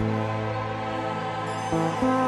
Uh-huh.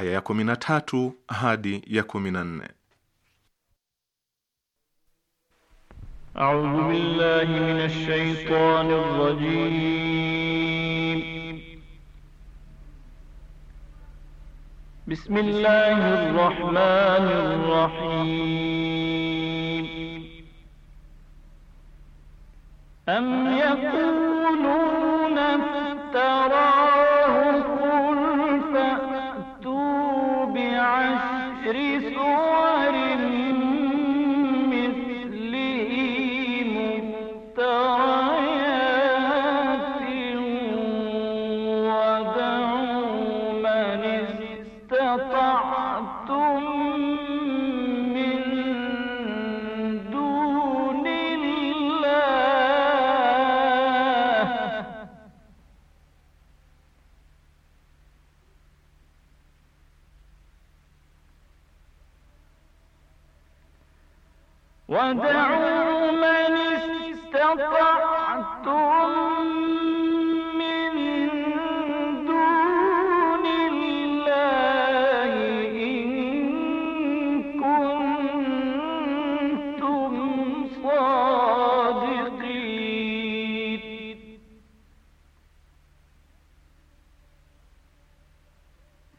aya ya 13 hadi ya 14. A'udhu billahi minash shaitanir rajim. Bismillahir rahmanir rahim. Am yakuluna iftara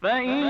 Fa in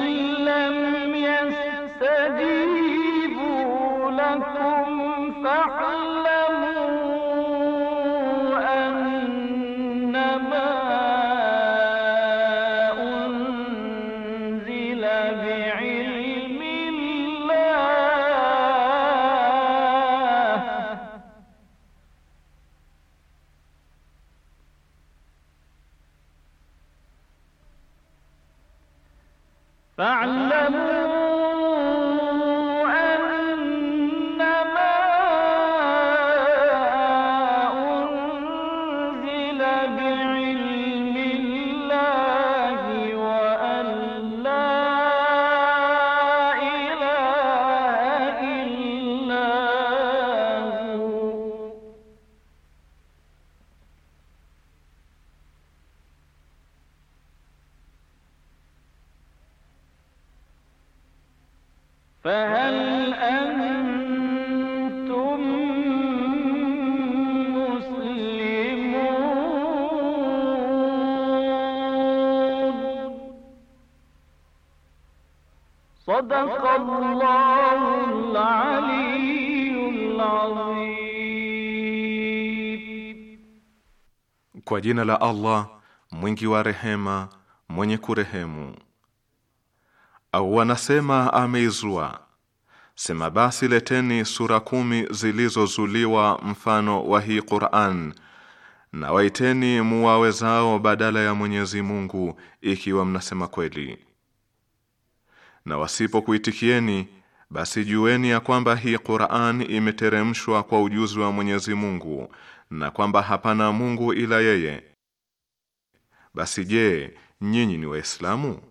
jina la Allah mwingi wa rehema mwenye kurehemu. Au wanasema ameizua. Sema basi, leteni sura kumi zilizozuliwa mfano wa hii Qur'an, na waiteni muwawezao badala ya Mwenyezi Mungu, ikiwa mnasema kweli. Na wasipokuitikieni basi jueni ya kwamba hii Qur'an imeteremshwa kwa ujuzi wa Mwenyezi Mungu na kwamba hapana Mungu ila yeye. Basi je, nyinyi ni Waislamu?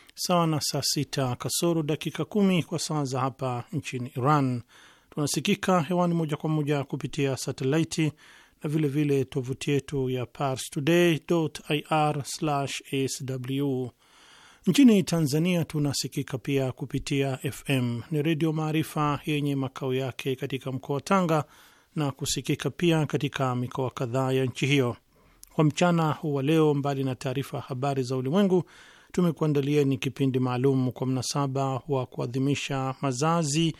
sawa na saa sita kasoro dakika kumi kwa saa za hapa nchini Iran. Tunasikika hewani moja kwa moja kupitia satelaiti na vilevile tovuti yetu ya ir sw Nchini Tanzania tunasikika pia kupitia FM ni Redio Maarifa yenye makao yake katika mkoa wa Tanga na kusikika pia katika mikoa kadhaa ya nchi hiyo. Kwa mchana wa leo, mbali na taarifa ya habari za ulimwengu ni kipindi maalum kwa mnasaba wa kuadhimisha mazazi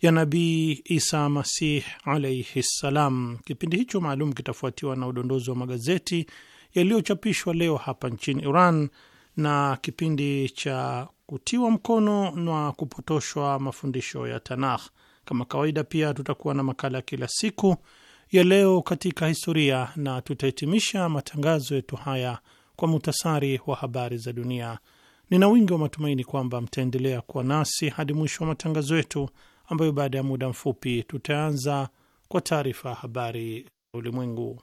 ya Nabii Isa Masih alaihi ssalam. Kipindi hicho maalum kitafuatiwa na udondozi wa magazeti yaliyochapishwa leo hapa nchini Iran na kipindi cha kutiwa mkono na kupotoshwa mafundisho ya Tanakh. Kama kawaida, pia tutakuwa na makala ya kila siku ya leo katika historia na tutahitimisha matangazo yetu haya kwa muhtasari wa habari za dunia. Nina wingi wa matumaini kwamba mtaendelea kuwa nasi hadi mwisho wa matangazo yetu, ambayo baada ya muda mfupi tutaanza kwa taarifa ya habari za ulimwengu.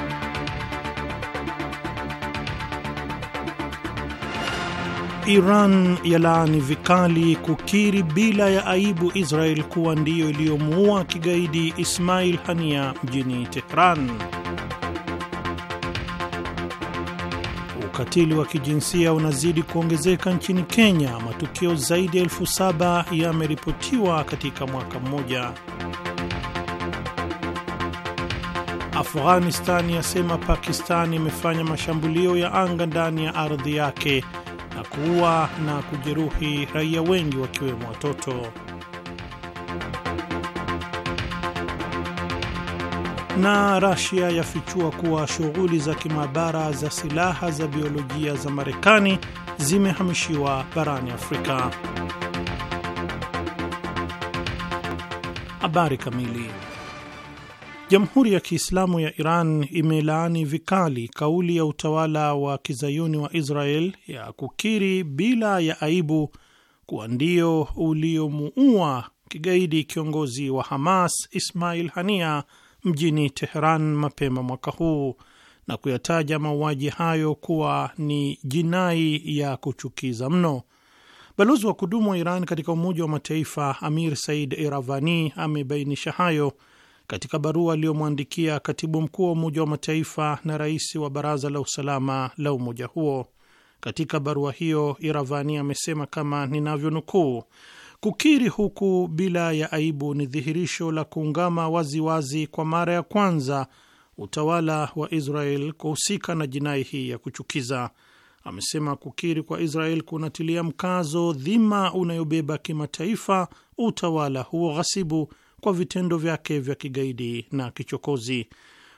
Iran yalaani vikali kukiri bila ya aibu Israel kuwa ndiyo iliyomuua kigaidi Ismail Hania mjini Tehran. Ukatili wa kijinsia unazidi kuongezeka nchini Kenya. Matukio zaidi ya elfu saba yameripotiwa katika mwaka mmoja. Afghanistan yasema Pakistan imefanya mashambulio ya anga ndani ya ardhi yake na kuua na kujeruhi raia wengi wakiwemo watoto. Na Rasia yafichua kuwa shughuli za kimaabara za silaha za biolojia za Marekani zimehamishiwa barani Afrika. Habari kamili Jamhuri ya Kiislamu ya Iran imelaani vikali kauli ya utawala wa kizayuni wa Israel ya kukiri bila ya aibu kuwa ndio uliomuua kigaidi kiongozi wa Hamas Ismail Hania mjini Teheran mapema mwaka huu na kuyataja mauaji hayo kuwa ni jinai ya kuchukiza mno. Balozi wa kudumu wa Iran katika Umoja wa Mataifa Amir Said Iravani amebainisha hayo katika barua aliyomwandikia katibu mkuu wa Umoja wa Mataifa na rais wa Baraza la Usalama la umoja huo, katika barua hiyo Iravani amesema kama ninavyonukuu, kukiri huku bila ya aibu ni dhihirisho la kuungama waziwazi wazi kwa mara ya kwanza utawala wa Israel kuhusika na jinai hii ya kuchukiza. Amesema kukiri kwa Israel kunatilia mkazo dhima unayobeba kimataifa utawala huo ghasibu kwa vitendo vyake vya kigaidi na kichokozi.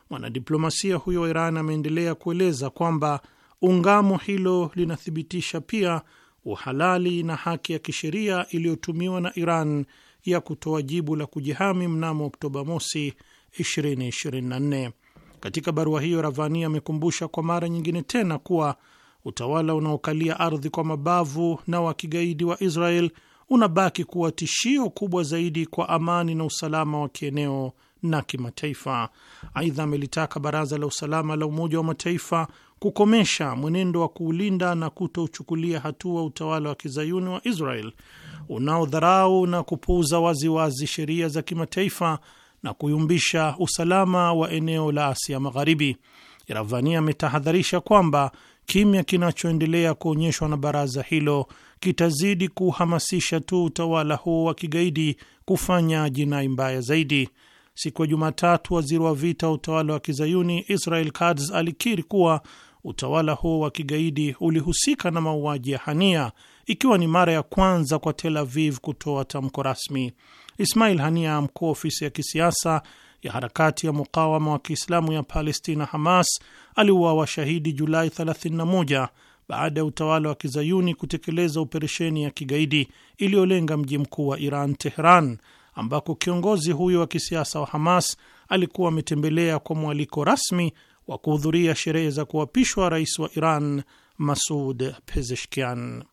Mwanadiplomasia huyo wa Iran ameendelea kueleza kwamba ungamo hilo linathibitisha pia uhalali na haki ya kisheria iliyotumiwa na Iran ya kutoa jibu la kujihami mnamo Oktoba mosi 2024. Katika barua hiyo, Ravani amekumbusha kwa mara nyingine tena kuwa utawala unaokalia ardhi kwa mabavu na wa kigaidi wa Israel unabaki kuwa tishio kubwa zaidi kwa amani na usalama wa kieneo na kimataifa. Aidha, amelitaka Baraza la Usalama la Umoja wa Mataifa kukomesha mwenendo wa kuulinda na kutouchukulia hatua utawala wa kizayuni wa Israel unaodharau na kupuuza waziwazi sheria za kimataifa na kuyumbisha usalama wa eneo la Asia Magharibi. Iravani ametahadharisha kwamba kimya kinachoendelea kuonyeshwa na baraza hilo kitazidi kuhamasisha tu utawala huo wa kigaidi kufanya jinai mbaya zaidi. Siku ya Jumatatu, waziri wa vita wa utawala wa kizayuni Israel Katz alikiri kuwa utawala huo wa kigaidi ulihusika na mauaji ya Hania, ikiwa ni mara ya kwanza kwa Tel Aviv kutoa tamko rasmi. Ismail Hania, mkuu wa ofisi ya kisiasa ya harakati ya mukawama wa kiislamu ya Palestina, Hamas, aliuawa shahidi Julai 31 baada ya utawala wa kizayuni kutekeleza operesheni ya kigaidi iliyolenga mji mkuu wa Iran, Tehran, ambako kiongozi huyo wa kisiasa wa Hamas alikuwa ametembelea kwa mwaliko rasmi wa kuhudhuria sherehe za kuapishwa rais wa Iran Masud Pezeshkian.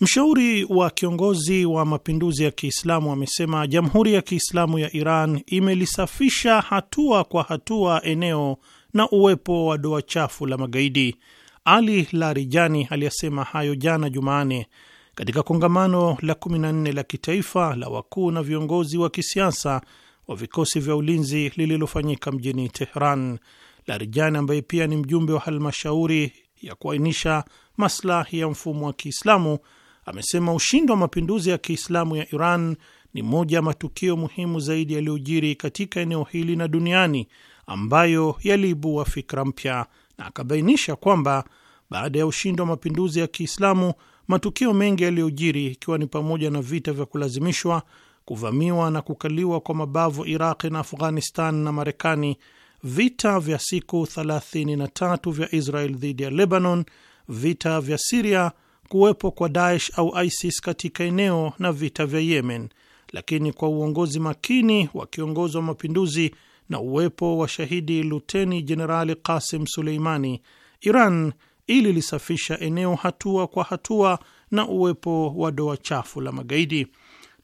Mshauri wa kiongozi wa mapinduzi ya Kiislamu amesema Jamhuri ya Kiislamu ya Iran imelisafisha hatua kwa hatua eneo na uwepo wa doa chafu la magaidi. Ali Larijani aliyasema hayo jana Jumanne katika kongamano la 14 la kitaifa la wakuu na viongozi wa kisiasa wa vikosi vya ulinzi lililofanyika mjini Tehran. Larijani ambaye pia ni mjumbe wa halmashauri ya kuainisha maslahi ya mfumo wa Kiislamu amesema ushindi wa mapinduzi ya Kiislamu ya Iran ni moja ya matukio muhimu zaidi yaliyojiri katika eneo hili na duniani ambayo yaliibua fikra mpya na akabainisha kwamba baada ya ushindi wa mapinduzi ya Kiislamu, matukio mengi yaliyojiri ikiwa ni pamoja na vita vya kulazimishwa, kuvamiwa na kukaliwa kwa mabavu Iraqi na Afghanistan na Marekani, vita vya siku 33 vya Israel dhidi ya Lebanon, vita vya Siria, kuwepo kwa Daesh au ISIS katika eneo na vita vya Yemen, lakini kwa uongozi makini wa kiongozi wa mapinduzi na uwepo wa shahidi Luteni Jenerali Qasim Suleimani, Iran ililisafisha eneo hatua kwa hatua na uwepo wa doa chafu la magaidi.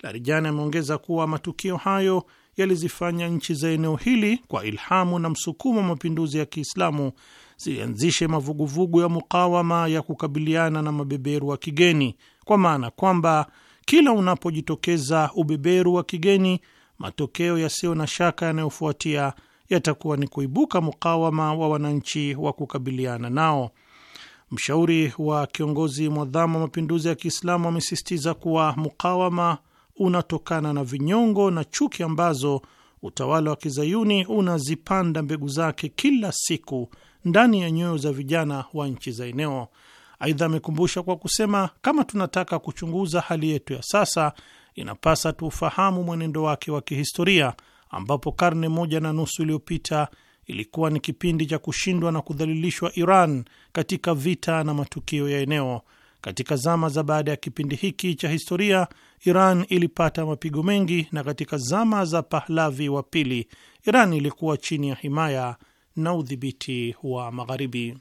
Larijani ameongeza kuwa matukio hayo yalizifanya nchi za eneo hili kwa ilhamu na msukumo wa mapinduzi ya Kiislamu zilianzishe mavuguvugu ya mukawama ya kukabiliana na mabeberu wa kigeni, kwa maana kwamba kila unapojitokeza ubeberu wa kigeni matokeo yasiyo na shaka yanayofuatia yatakuwa ni kuibuka mukawama wa wananchi wa kukabiliana nao. Mshauri wa kiongozi mwadhamu wa mapinduzi ya Kiislamu amesisitiza kuwa mukawama unatokana na vinyongo na chuki ambazo utawala wa kizayuni unazipanda mbegu zake kila siku ndani ya nyoyo za vijana wa nchi za eneo. Aidha, amekumbusha kwa kusema, kama tunataka kuchunguza hali yetu ya sasa inapasa tuufahamu mwenendo wake wa kihistoria, ambapo karne moja na nusu iliyopita ilikuwa ni kipindi cha ja kushindwa na kudhalilishwa Iran katika vita na matukio ya eneo. Katika zama za baada ya kipindi hiki cha historia, Iran ilipata mapigo mengi, na katika zama za Pahlavi wa pili, Iran ilikuwa chini ya himaya na udhibiti wa Magharibi.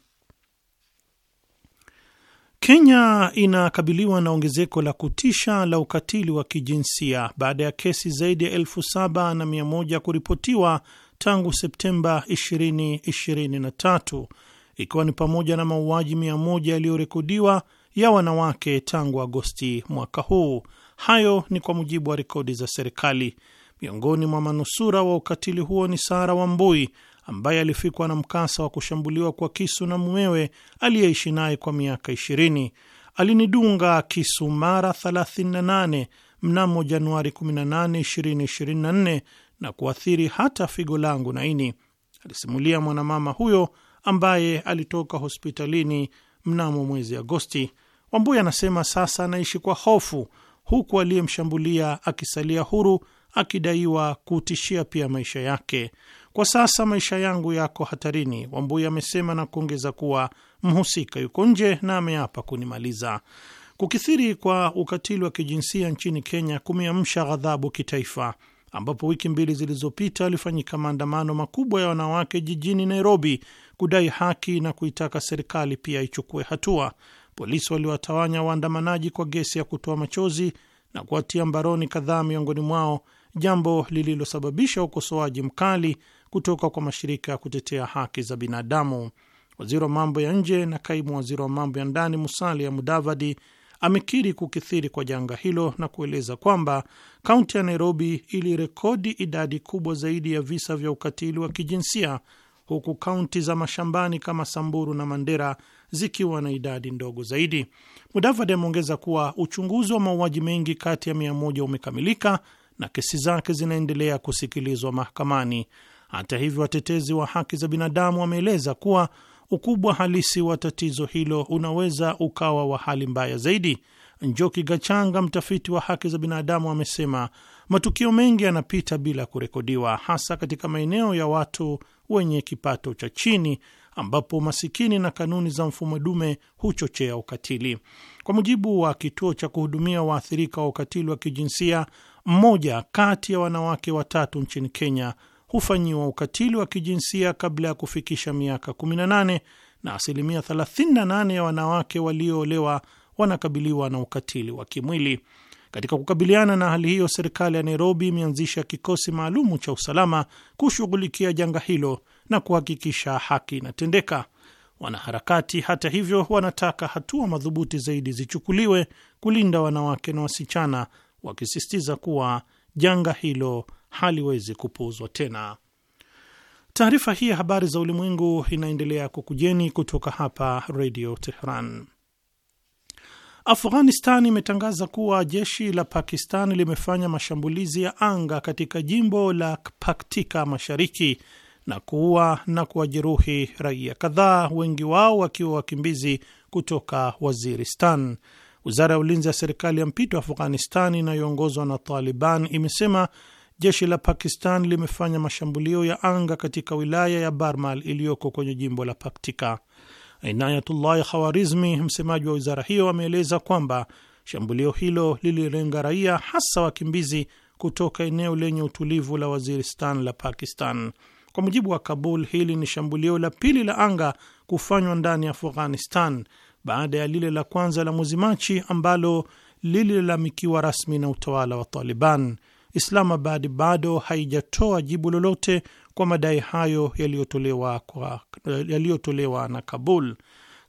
Kenya inakabiliwa na ongezeko la kutisha la ukatili wa kijinsia baada ya kesi zaidi ya elfu saba na mia moja kuripotiwa tangu Septemba 2023 ikiwa ni pamoja na mauaji mia moja yaliyorekodiwa ya wanawake tangu Agosti mwaka huu. Hayo ni kwa mujibu wa rekodi za serikali. Miongoni mwa manusura wa ukatili huo ni Sara Wambui ambaye alifikwa na mkasa wa kushambuliwa kwa kisu na mumewe aliyeishi naye kwa miaka 20. Alinidunga kisu mara 38 mnamo Januari 18, 2024 na kuathiri hata figo langu na ini, alisimulia mwanamama huyo ambaye alitoka hospitalini mnamo mwezi Agosti. wambuye anasema sasa anaishi kwa hofu, huku aliyemshambulia akisalia huru akidaiwa kutishia pia maisha yake. Kwa sasa maisha yangu yako hatarini, Wambui amesema na kuongeza kuwa mhusika yuko nje na ameapa kunimaliza. Kukithiri kwa ukatili wa kijinsia nchini Kenya kumeamsha ghadhabu kitaifa, ambapo wiki mbili zilizopita alifanyika maandamano makubwa ya wanawake jijini Nairobi kudai haki na kuitaka serikali pia ichukue hatua. Polisi waliwatawanya waandamanaji kwa gesi ya kutoa machozi na kuwatia mbaroni kadhaa miongoni mwao, jambo lililosababisha ukosoaji mkali kutoka kwa mashirika ya kutetea haki za binadamu. Waziri wa mambo ya nje na kaimu waziri wa mambo ya ndani Musalia Mudavadi amekiri kukithiri kwa janga hilo na kueleza kwamba kaunti ya Nairobi ilirekodi idadi kubwa zaidi ya visa vya ukatili wa kijinsia huku kaunti za mashambani kama Samburu na Mandera zikiwa na idadi ndogo zaidi. Mudavadi ameongeza kuwa uchunguzi wa mauaji mengi kati ya mia moja umekamilika na kesi zake zinaendelea kusikilizwa mahakamani hata hivyo, watetezi wa haki za binadamu wameeleza kuwa ukubwa halisi wa tatizo hilo unaweza ukawa wa hali mbaya zaidi. Njoki Gachanga, mtafiti wa haki za binadamu, amesema matukio mengi yanapita bila kurekodiwa, hasa katika maeneo ya watu wenye kipato cha chini ambapo masikini na kanuni za mfumo dume huchochea ukatili. Kwa mujibu wa kituo cha kuhudumia waathirika wa ukatili wa kijinsia, mmoja kati ya wanawake watatu nchini Kenya hufanyiwa ukatili wa kijinsia kabla ya kufikisha miaka 18 na asilimia 38 ya wanawake walioolewa wanakabiliwa na ukatili wa kimwili. Katika kukabiliana na hali hiyo, serikali ya Nairobi imeanzisha kikosi maalumu cha usalama kushughulikia janga hilo na kuhakikisha haki inatendeka. Wanaharakati hata hivyo, wanataka hatua madhubuti zaidi zichukuliwe kulinda wanawake na wasichana, wakisisitiza kuwa janga hilo haliwezi kupuuzwa tena. Taarifa hii ya habari za ulimwengu inaendelea kukujeni kutoka hapa Redio Tehran. Afghanistan imetangaza kuwa jeshi la Pakistan limefanya mashambulizi ya anga katika jimbo la Paktika mashariki na kuua na kuwajeruhi raia kadhaa, wengi wao wakiwa wakimbizi kutoka Waziristan. Wizara ya ulinzi ya serikali ya mpito Afghanistan inayoongozwa na Taliban imesema jeshi la Pakistan limefanya mashambulio ya anga katika wilaya ya Barmal iliyoko kwenye jimbo la Paktika. inayatullah Khawarizmi, msemaji wa wizara hiyo, ameeleza kwamba shambulio hilo lililenga raia, hasa wakimbizi kutoka eneo lenye utulivu la Waziristan la Pakistan. Kwa mujibu wa Kabul, hili ni shambulio la pili la anga kufanywa ndani ya Afghanistan baada ya lile la kwanza la mwezi Machi ambalo lililalamikiwa rasmi na utawala wa Taliban. Islamabad bado haijatoa jibu lolote kwa madai hayo yaliyotolewa yaliyotolewa na Kabul.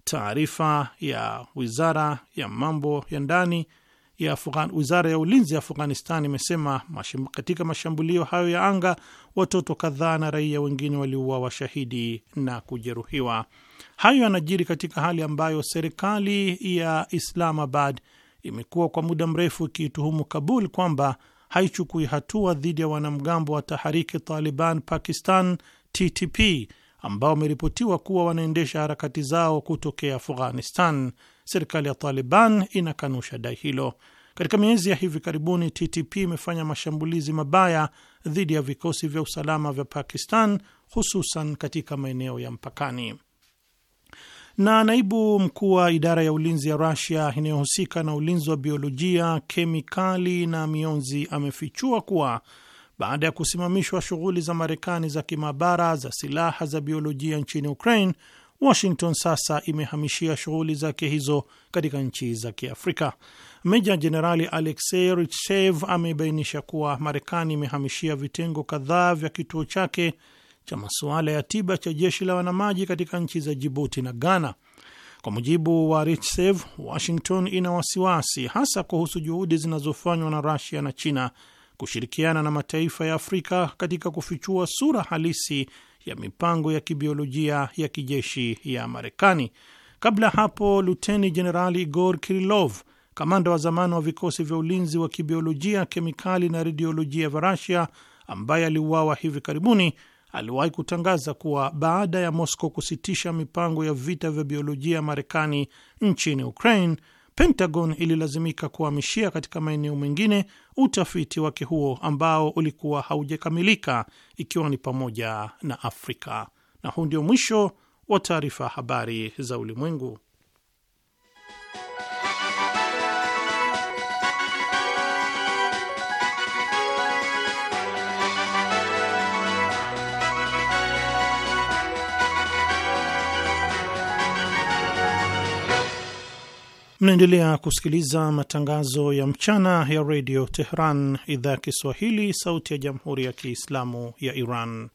Taarifa ya wizara ya mambo ya ndani ya Afghan, wizara ya ulinzi ya Afghanistan imesema katika mashambulio hayo ya anga watoto kadhaa na raia wengine waliuawa washahidi na kujeruhiwa. Hayo yanajiri katika hali ambayo serikali ya Islamabad imekuwa kwa muda mrefu ikiituhumu Kabul kwamba haichukui hatua dhidi ya wanamgambo wa Tahariki Taliban Pakistan TTP ambao wameripotiwa kuwa wanaendesha harakati zao kutokea Afghanistan. Serikali ya Taliban inakanusha dai hilo. Katika miezi ya hivi karibuni, TTP imefanya mashambulizi mabaya dhidi ya vikosi vya usalama vya Pakistan, hususan katika maeneo ya mpakani na naibu mkuu wa idara ya ulinzi ya rasia inayohusika na ulinzi wa biolojia, kemikali na mionzi amefichua kuwa baada ya kusimamishwa shughuli za Marekani za kimaabara za silaha za biolojia nchini Ukraine, Washington sasa imehamishia shughuli zake hizo katika nchi za Kiafrika. Meja Jenerali Alexei Richev amebainisha kuwa Marekani imehamishia vitengo kadhaa vya kituo chake cha masuala ya tiba cha jeshi la wanamaji katika nchi za Jibuti na Ghana. Kwa mujibu wa Richsave, Washington ina wasiwasi hasa kuhusu juhudi zinazofanywa na Rusia na China kushirikiana na mataifa ya Afrika katika kufichua sura halisi ya mipango ya kibiolojia ya kijeshi ya Marekani. Kabla hapo, Luteni Jenerali Igor Kirilov, kamanda wa zamani wa vikosi vya ulinzi wa kibiolojia, kemikali na rediolojia vya Rasia, ambaye aliuawa hivi karibuni, aliwahi kutangaza kuwa baada ya Moscow kusitisha mipango ya vita vya biolojia ya Marekani nchini Ukraine, Pentagon ililazimika kuhamishia katika maeneo mengine utafiti wake huo ambao ulikuwa haujakamilika, ikiwa ni pamoja na Afrika. Na huu ndio mwisho wa taarifa ya habari za ulimwengu. Mnaendelea kusikiliza matangazo ya mchana ya redio Tehran, idhaa ya Kiswahili, sauti ya jamhuri ya kiislamu ya Iran.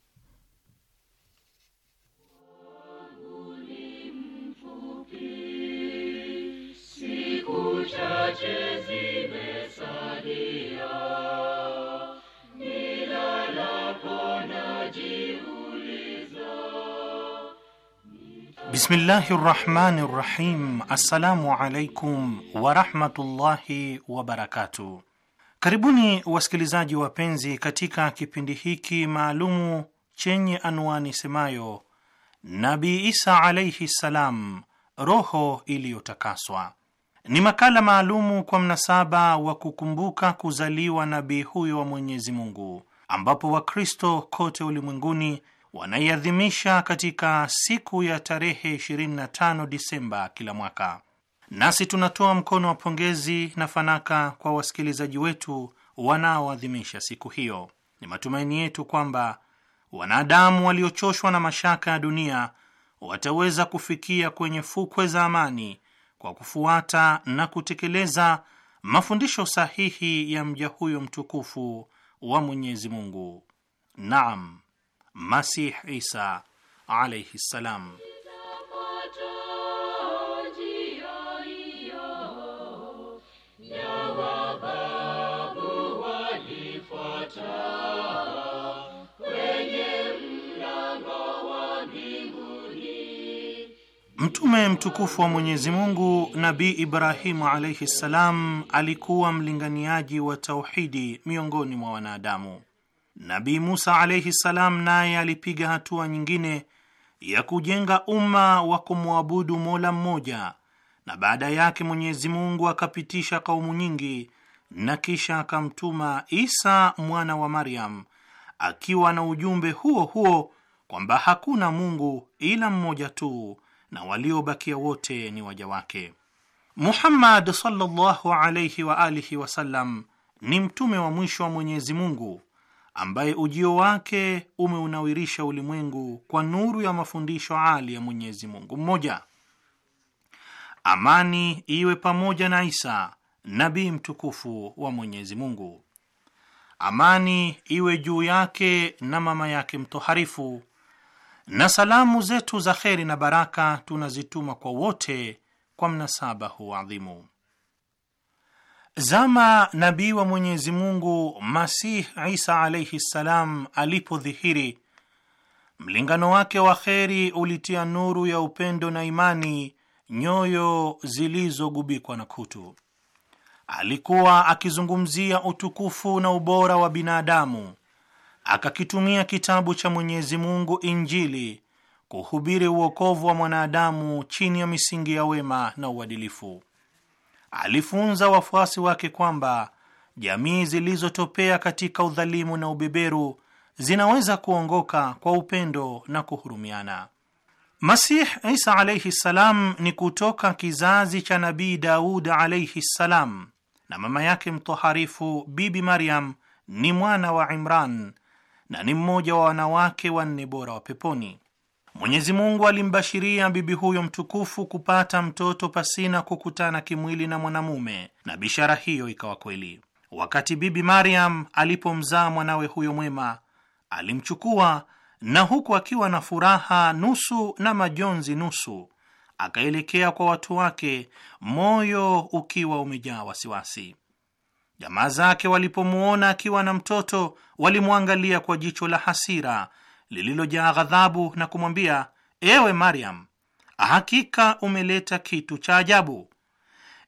siku chache zimesalia Bismillahi rahmani rahim. Assalamu alaikum warahmatullahi wabarakatuh. Karibuni wasikilizaji wapenzi katika kipindi hiki maalumu chenye anwani semayo Nabi Isa alaihi ssalam, roho iliyotakaswa. Ni makala maalumu kwa mnasaba wa kukumbuka kuzaliwa nabii huyo wa Mwenyezi Mungu, ambapo Wakristo kote ulimwenguni wanaiadhimisha katika siku ya tarehe 25 Disemba kila mwaka. Nasi tunatoa mkono wa pongezi na fanaka kwa wasikilizaji wetu wanaoadhimisha siku hiyo. Ni matumaini yetu kwamba wanadamu waliochoshwa na mashaka ya dunia wataweza kufikia kwenye fukwe za amani kwa kufuata na kutekeleza mafundisho sahihi ya mja huyo mtukufu wa Mwenyezi Mungu. Naam. Masih Isa alaihi ssalam. Mtume mtukufu wa Mwenyezi Mungu Nabii Ibrahimu alaihi ssalam alikuwa mlinganiaji wa tauhidi miongoni mwa wanadamu. Nabii Musa alaihi salam naye alipiga hatua nyingine ya kujenga umma wa kumwabudu Mola mmoja, na baada yake Mwenyezi Mungu akapitisha kaumu nyingi na kisha akamtuma Isa mwana wa Maryam akiwa na ujumbe huo huo kwamba hakuna Mungu ila mmoja tu na waliobakia wote ni waja wake. Muhammad sallallahu alayhi wa alihi wasallam ni mtume wa mwisho wa Mwenyezi Mungu ambaye ujio wake umeunawirisha ulimwengu kwa nuru ya mafundisho ali ya Mwenyezi Mungu mmoja. Amani iwe pamoja na Isa nabii mtukufu wa Mwenyezi Mungu. Amani iwe juu yake na mama yake mtoharifu, na salamu zetu za kheri na baraka tunazituma kwa wote kwa mnasaba huu adhimu. Zama nabii wa Mwenyezi Mungu Masih Isa alaihi ssalam alipodhihiri, mlingano wake wa kheri ulitia nuru ya upendo na imani nyoyo zilizogubikwa na kutu. Alikuwa akizungumzia utukufu na ubora wa binadamu, akakitumia kitabu cha Mwenyezi Mungu, Injili, kuhubiri uokovu wa mwanadamu chini ya misingi ya wema na uadilifu alifunza wafuasi wake kwamba jamii zilizotopea katika udhalimu na ubeberu zinaweza kuongoka kwa upendo na kuhurumiana. Masih Isa alaihi ssalam ni kutoka kizazi cha Nabii Daud alaihi ssalam, na mama yake mtoharifu Bibi Maryam ni mwana wa Imran na ni mmoja wa wanawake wanne bora wa peponi. Mwenyezi Mungu alimbashiria bibi huyo mtukufu kupata mtoto pasina kukutana kimwili na mwanamume, na bishara hiyo ikawa kweli. Wakati bibi mariam alipomzaa mwanawe huyo mwema, alimchukua na huku akiwa na furaha nusu na majonzi nusu, akaelekea kwa watu wake, moyo ukiwa umejaa wasiwasi. Jamaa zake walipomwona akiwa na mtoto, walimwangalia kwa jicho la hasira lililojaa ghadhabu na kumwambia, ewe Maryam, hakika umeleta kitu cha ajabu.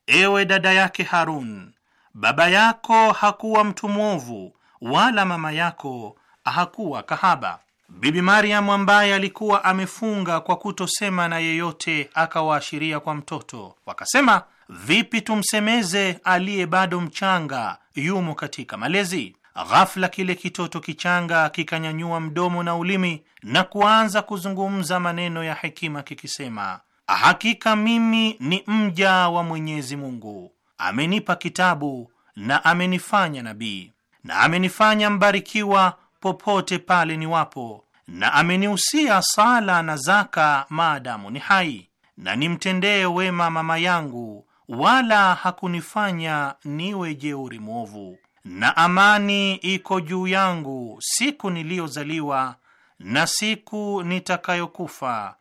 Ewe dada yake Harun, baba yako hakuwa mtu mwovu wala mama yako hakuwa kahaba. Bibi Maryam ambaye alikuwa amefunga kwa kutosema na yeyote, akawaashiria kwa mtoto. Wakasema, vipi tumsemeze aliye bado mchanga, yumo katika malezi? Ghafla kile kitoto kichanga kikanyanyua mdomo na ulimi na kuanza kuzungumza maneno ya hekima kikisema, hakika mimi ni mja wa Mwenyezi Mungu, amenipa kitabu na amenifanya nabii na amenifanya mbarikiwa popote pale niwapo, na amenihusia sala na zaka maadamu ni hai, na nimtendee wema mama yangu, wala hakunifanya niwe jeuri mwovu na amani iko juu yangu siku niliyozaliwa na siku nitakayokufa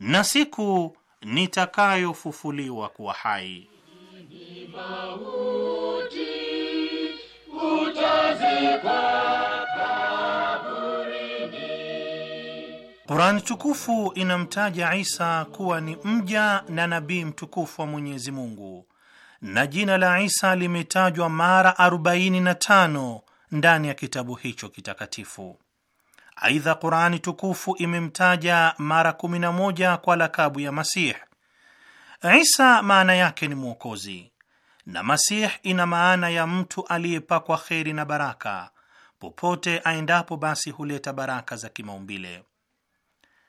na siku nitakayofufuliwa kuwa hai. Qurani tukufu inamtaja Isa kuwa ni mja na nabii mtukufu wa Mwenyezi Mungu na jina la Isa limetajwa mara 45 ndani ya kitabu hicho kitakatifu. Aidha, Qurani tukufu imemtaja mara 11 kwa lakabu ya Masih. Isa maana yake ni mwokozi, na Masih ina maana ya mtu aliyepakwa kheri na baraka. Popote aendapo, basi huleta baraka za kimaumbile.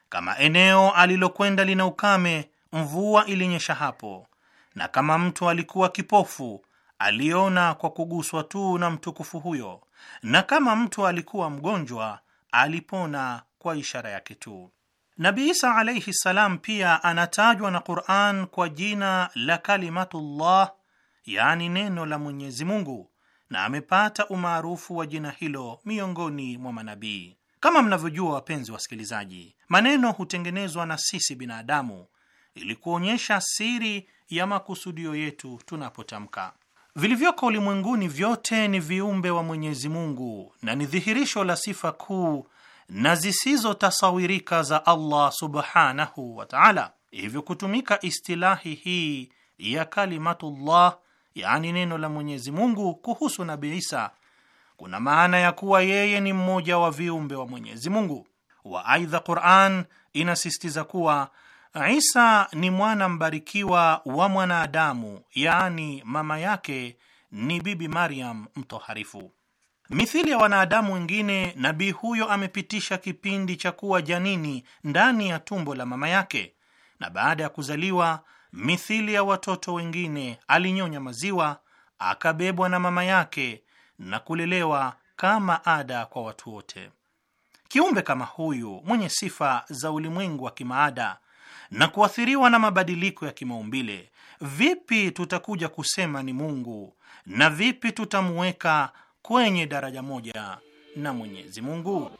Kama eneo alilokwenda lina ukame, mvua ilinyesha hapo na kama mtu alikuwa kipofu aliona kwa kuguswa tu na mtukufu huyo, na kama mtu alikuwa mgonjwa alipona kwa ishara yake tu. Nabi Isa alaihi ssalam pia anatajwa na Quran kwa jina la Kalimatullah, yaani neno la Mwenyezi Mungu, na amepata umaarufu wa jina hilo miongoni mwa manabii. Kama mnavyojua, wapenzi wasikilizaji, maneno hutengenezwa na sisi binadamu ili kuonyesha siri ya makusudio yetu tunapotamka. Vilivyoko ulimwenguni vyote ni viumbe wa Mwenyezi Mungu na ni dhihirisho la sifa kuu na zisizotasawirika za Allah subhanahu wa taala. Hivyo kutumika istilahi hii ya Kalimatullah, yaani neno la Mwenyezi Mungu kuhusu Nabi Isa kuna maana ya kuwa yeye ni mmoja wa viumbe wa Mwenyezi Mungu. wa aidha, Quran inasisitiza kuwa Isa ni mwana mbarikiwa wa mwanadamu, yaani mama yake ni Bibi Maryam mtoharifu. Mithili ya wanadamu wengine, nabii huyo amepitisha kipindi cha kuwa janini ndani ya tumbo la mama yake, na baada ya kuzaliwa, mithili ya watoto wengine, alinyonya maziwa, akabebwa na mama yake na kulelewa kama ada kwa watu wote. Kiumbe kama huyu mwenye sifa za ulimwengu wa kimaada na kuathiriwa na mabadiliko ya kimaumbile, vipi tutakuja kusema ni Mungu na vipi tutamuweka kwenye daraja moja na Mwenyezi Mungu?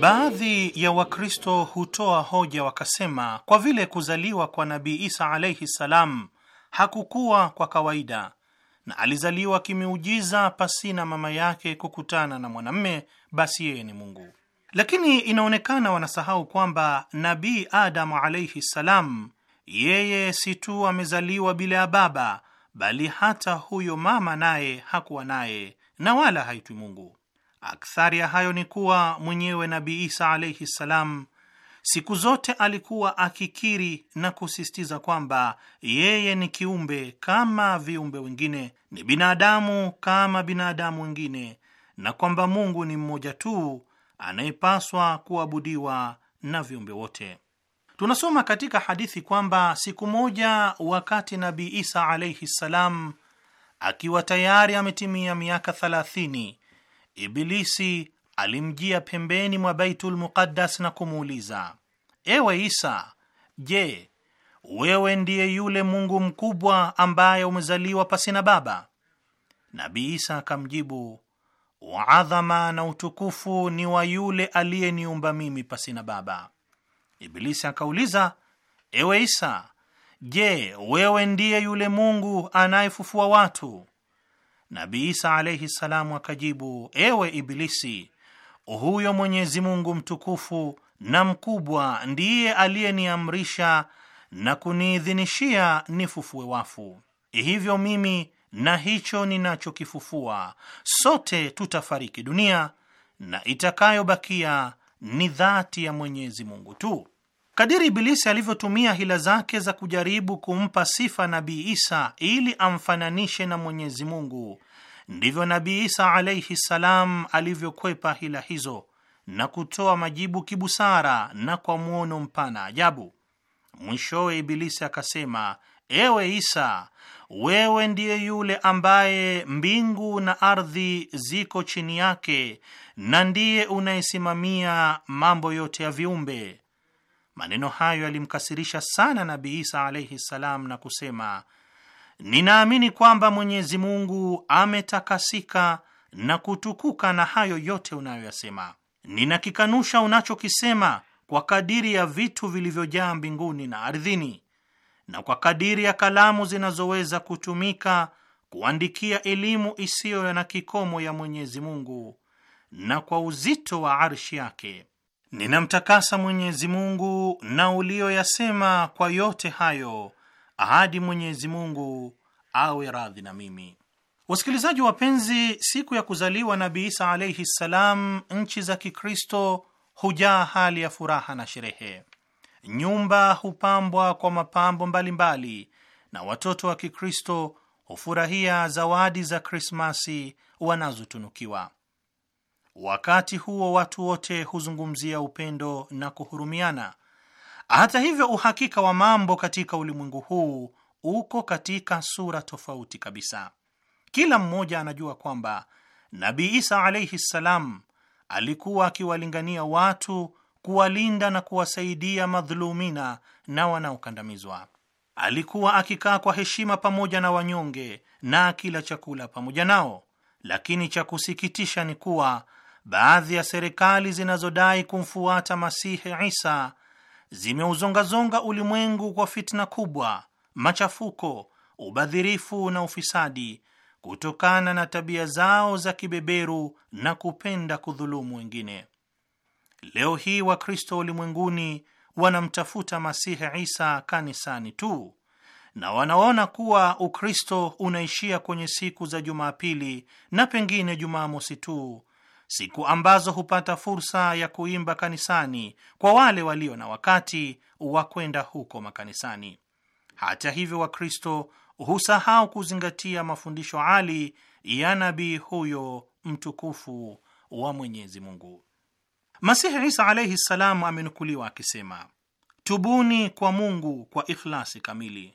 Baadhi ya Wakristo hutoa hoja wakasema, kwa vile kuzaliwa kwa Nabii Isa alaihi salam hakukuwa kwa kawaida, na alizaliwa kimeujiza pasina mama yake kukutana na mwanamme, basi yeye ni Mungu. Lakini inaonekana wanasahau kwamba Nabii Adamu alaihi ssalam, yeye si tu amezaliwa bila ya baba, bali hata huyo mama naye hakuwa naye na wala haitwi Mungu. Akthari ya hayo ni kuwa mwenyewe Nabii Isa alaihi ssalam Siku zote alikuwa akikiri na kusisitiza kwamba yeye ni kiumbe kama viumbe wengine, ni binadamu kama binadamu wengine, na kwamba Mungu ni mmoja tu anayepaswa kuabudiwa na viumbe wote. Tunasoma katika hadithi kwamba siku moja, wakati Nabii Isa alaihi ssalam akiwa tayari ametimia miaka 30, Ibilisi alimjia pembeni mwa Baitul Muqaddas na kumuuliza, ewe Isa, je, wewe ndiye yule Mungu mkubwa ambaye umezaliwa pasina baba? nabi Isa akamjibu, waadhama na utukufu ni wa yule aliyeniumba mimi pasina baba. iblisi akauliza, ewe Isa, je, wewe ndiye yule Mungu anayefufua watu? nabi Isa alaihi salamu akajibu, ewe iblisi huyo Mwenyezi Mungu mtukufu na mkubwa ndiye aliyeniamrisha na kuniidhinishia nifufue wafu, hivyo mimi na hicho ninachokifufua sote tutafariki dunia na itakayobakia ni dhati ya Mwenyezi Mungu tu. Kadiri Ibilisi alivyotumia hila zake za kujaribu kumpa sifa Nabii Isa ili amfananishe na Mwenyezi Mungu, ndivyo Nabii Isa alaihi ssalam alivyokwepa hila hizo na kutoa majibu kibusara na kwa mwono mpana ajabu. Mwishowe Ibilisi akasema, ewe Isa, wewe ndiye yule ambaye mbingu na ardhi ziko chini yake na ndiye unayesimamia mambo yote ya viumbe. Maneno hayo yalimkasirisha sana Nabii Isa alaihi ssalam na kusema Ninaamini kwamba Mwenyezi Mungu ametakasika na kutukuka na hayo yote unayoyasema. Ninakikanusha unachokisema kwa kadiri ya vitu vilivyojaa mbinguni na ardhini na kwa kadiri ya kalamu zinazoweza kutumika kuandikia elimu isiyo na kikomo ya Mwenyezi Mungu na kwa uzito wa arshi yake. Ninamtakasa Mwenyezi Mungu na uliyoyasema kwa yote hayo ahadi Mwenyezi Mungu awe radhi na mimi. Wasikilizaji wapenzi, siku ya kuzaliwa Nabi Isa alaihi ssalam, nchi za Kikristo hujaa hali ya furaha na sherehe. Nyumba hupambwa kwa mapambo mbalimbali mbali, na watoto wa Kikristo hufurahia zawadi za Krismasi wanazotunukiwa. Wakati huo watu wote huzungumzia upendo na kuhurumiana hata hivyo, uhakika wa mambo katika ulimwengu huu uko katika sura tofauti kabisa. Kila mmoja anajua kwamba Nabii Isa alaihi ssalam alikuwa akiwalingania watu kuwalinda na kuwasaidia madhulumina na wanaokandamizwa. Alikuwa akikaa kwa heshima pamoja na wanyonge na akila chakula pamoja nao, lakini cha kusikitisha ni kuwa baadhi ya serikali zinazodai kumfuata Masihi Isa zimeuzongazonga ulimwengu kwa fitna kubwa, machafuko, ubadhirifu na ufisadi kutokana na tabia zao za kibeberu na kupenda kudhulumu wengine. Leo hii Wakristo ulimwenguni wanamtafuta Masihi Isa kanisani tu na wanaona kuwa Ukristo unaishia kwenye siku za Jumapili na pengine Jumamosi tu siku ambazo hupata fursa ya kuimba kanisani kwa wale walio na wakati wa kwenda huko makanisani. Hata hivyo, Wakristo husahau kuzingatia mafundisho ali ya nabii huyo mtukufu wa Mwenyezi Mungu. Masihi Isa alaihi ssalam amenukuliwa akisema, tubuni kwa Mungu kwa ikhlasi kamili,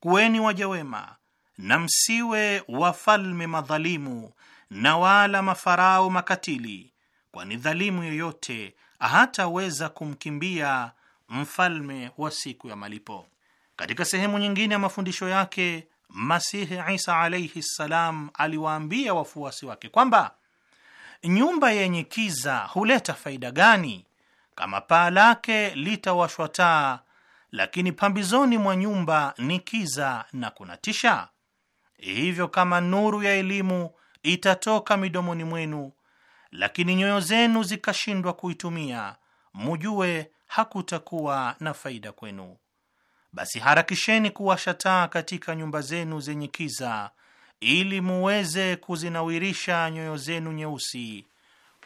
kuweni wajawema na msiwe wafalme madhalimu na wala mafarao makatili, kwani dhalimu yoyote hataweza kumkimbia mfalme wa siku ya malipo. Katika sehemu nyingine ya mafundisho yake, Masihi Isa alaihi ssalam aliwaambia wafuasi wake kwamba nyumba yenye kiza huleta faida gani kama paa lake litawashwa taa, lakini pambizoni mwa nyumba ni kiza na kunatisha? Hivyo, kama nuru ya elimu itatoka midomoni mwenu, lakini nyoyo zenu zikashindwa kuitumia, mujue hakutakuwa na faida kwenu. Basi harakisheni kuwasha taa katika nyumba zenu zenye kiza, ili muweze kuzinawirisha nyoyo zenu nyeusi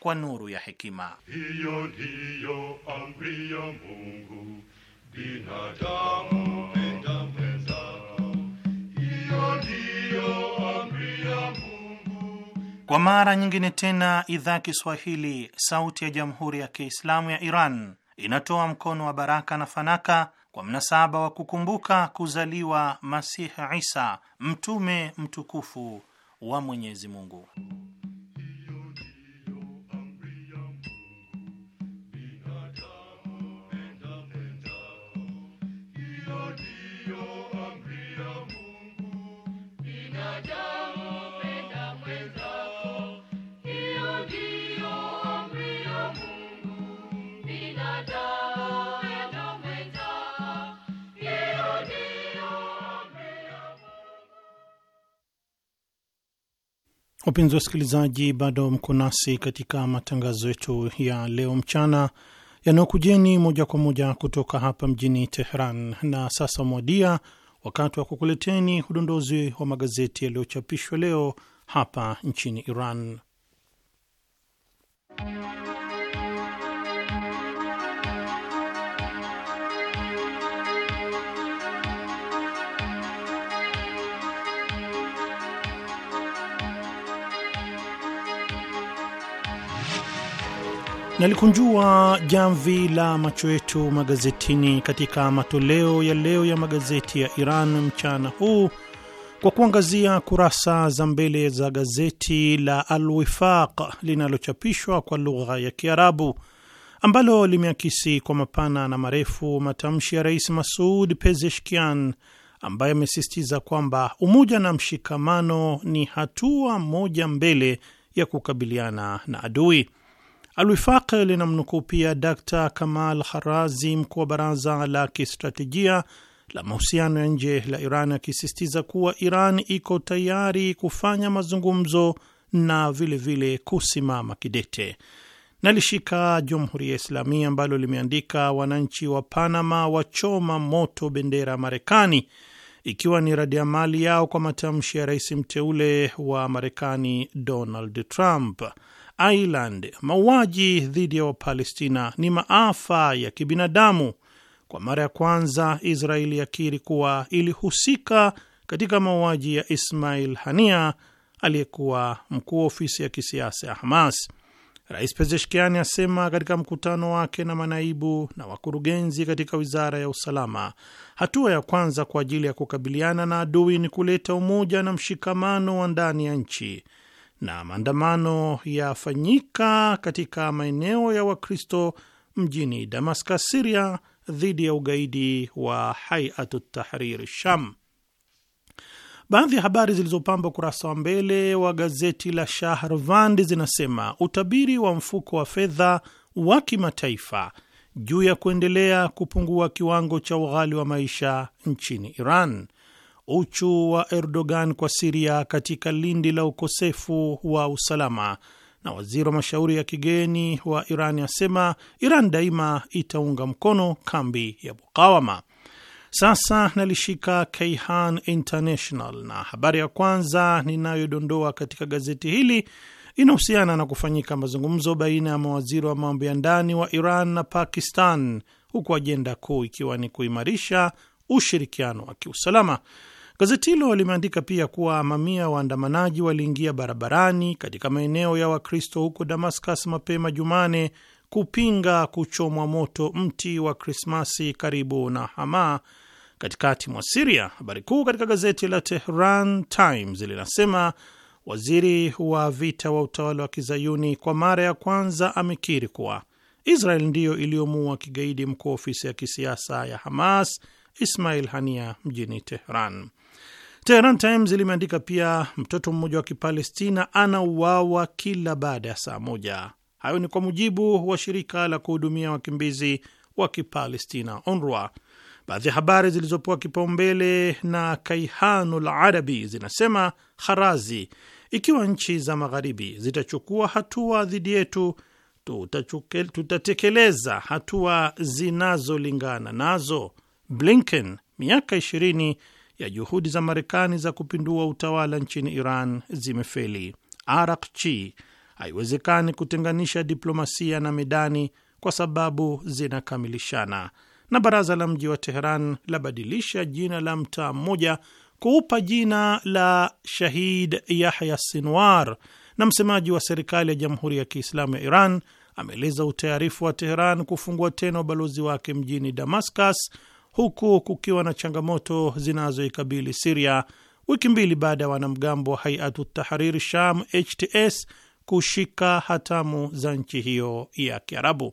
kwa nuru ya hekima. Hiyo ndiyo amri ya Mungu, binadamu endamu Kwa mara nyingine tena, idhaa Kiswahili sauti ya jamhuri ya Kiislamu ya Iran inatoa mkono wa baraka na fanaka kwa mnasaba wa kukumbuka kuzaliwa Masihi Isa, mtume mtukufu wa Mwenyezi Mungu. Wapenzi wasikilizaji, bado mko nasi katika matangazo yetu ya leo mchana yanayokujeni moja kwa moja kutoka hapa mjini Teheran. Na sasa mwadia wakati wa kukuleteni udondozi wa magazeti yaliyochapishwa leo hapa nchini Iran. nalikunjua jamvi la macho yetu magazetini katika matoleo ya leo ya magazeti ya Iran mchana huu kwa kuangazia kurasa za mbele za gazeti la Al-Wifaq linalochapishwa kwa lugha ya Kiarabu ambalo limeakisi kwa mapana na marefu matamshi ya Rais Masud Pezeshkian ambaye amesisitiza kwamba umoja na mshikamano ni hatua moja mbele ya kukabiliana na adui. Alwifaq linamnukuu pia dkt Kamal Harazi, mkuu wa baraza la kistratejia la mahusiano ya nje la Iran, akisisitiza kuwa Iran iko tayari kufanya mazungumzo na vilevile vile kusimama kidete. Nalishika Jamhuri ya Islamia ambalo limeandika wananchi wa Panama wachoma moto bendera ya Marekani ikiwa ni radiamali yao kwa matamshi ya rais mteule wa Marekani Donald Trump. Ireland, mauaji dhidi ya Wapalestina ni maafa ya kibinadamu. Kwa mara ya kwanza Israeli yakiri kuwa ilihusika katika mauaji ya Ismail Hania aliyekuwa mkuu wa ofisi ya kisiasa ya Hamas. Rais Pezeshkiani asema katika mkutano wake na manaibu na wakurugenzi katika wizara ya usalama, hatua ya kwanza kwa ajili ya kukabiliana na adui ni kuleta umoja na mshikamano wa ndani ya nchi na maandamano yafanyika katika maeneo ya Wakristo mjini Damascus, Siria, dhidi ya ugaidi wa Haiatu Tahrir Sham. Baadhi ya habari zilizopamba ukurasa wa mbele wa gazeti la Shahrvand zinasema utabiri wa mfuko wa fedha wa kimataifa juu ya kuendelea kupungua kiwango cha ughali wa maisha nchini Iran uchu wa Erdogan kwa Siria katika lindi la ukosefu wa usalama, na waziri wa mashauri ya kigeni wa Iran asema Iran daima itaunga mkono kambi ya Mukawama. Sasa nalishika Kayhan International na habari ya kwanza ninayodondoa katika gazeti hili inahusiana na kufanyika mazungumzo baina ya mawaziri wa mambo ya ndani wa Iran na Pakistan, huku ajenda kuu ikiwa ni kuimarisha ushirikiano wa kiusalama. Gazeti hilo limeandika pia kuwa mamia waandamanaji waliingia barabarani katika maeneo ya Wakristo huko Damascus mapema Jumane kupinga kuchomwa moto mti wa Krismasi karibu na Hama katikati mwa Siria. Habari kuu katika gazeti la Tehran Times linasema waziri wa vita wa utawala wa kizayuni kwa mara ya kwanza amekiri kuwa Israel ndiyo iliyomuua kigaidi mkuu wa ofisi ya kisiasa ya Hamas Ismail Hania mjini Tehran. Tehran Times limeandika pia mtoto mmoja wa Kipalestina anauawa kila baada ya saa moja. Hayo ni kwa mujibu wa shirika la kuhudumia wakimbizi wa Kipalestina, UNRWA. Baadhi ya habari zilizopewa kipaumbele na Kaihanul Arabi zinasema Kharazi, ikiwa nchi za magharibi zitachukua hatua dhidi yetu, tutatekeleza hatua zinazolingana nazo. Blinken, miaka 20 ya juhudi za Marekani za kupindua utawala nchini Iran zimefeli. Arakchi, haiwezekani kutenganisha diplomasia na medani kwa sababu zinakamilishana. Na baraza la mji wa Teheran labadilisha jina la mtaa mmoja kuupa jina la Shahid Yahya Sinwar. Na msemaji wa serikali ya Jamhuri ya Kiislamu ya Iran ameeleza utayarifu wa Teheran kufungua tena ubalozi wake mjini Damascus huku kukiwa na changamoto zinazoikabili Siria wiki mbili baada ya wanamgambo wa Haiatu Tahariri Sham HTS kushika hatamu za nchi hiyo ya Kiarabu.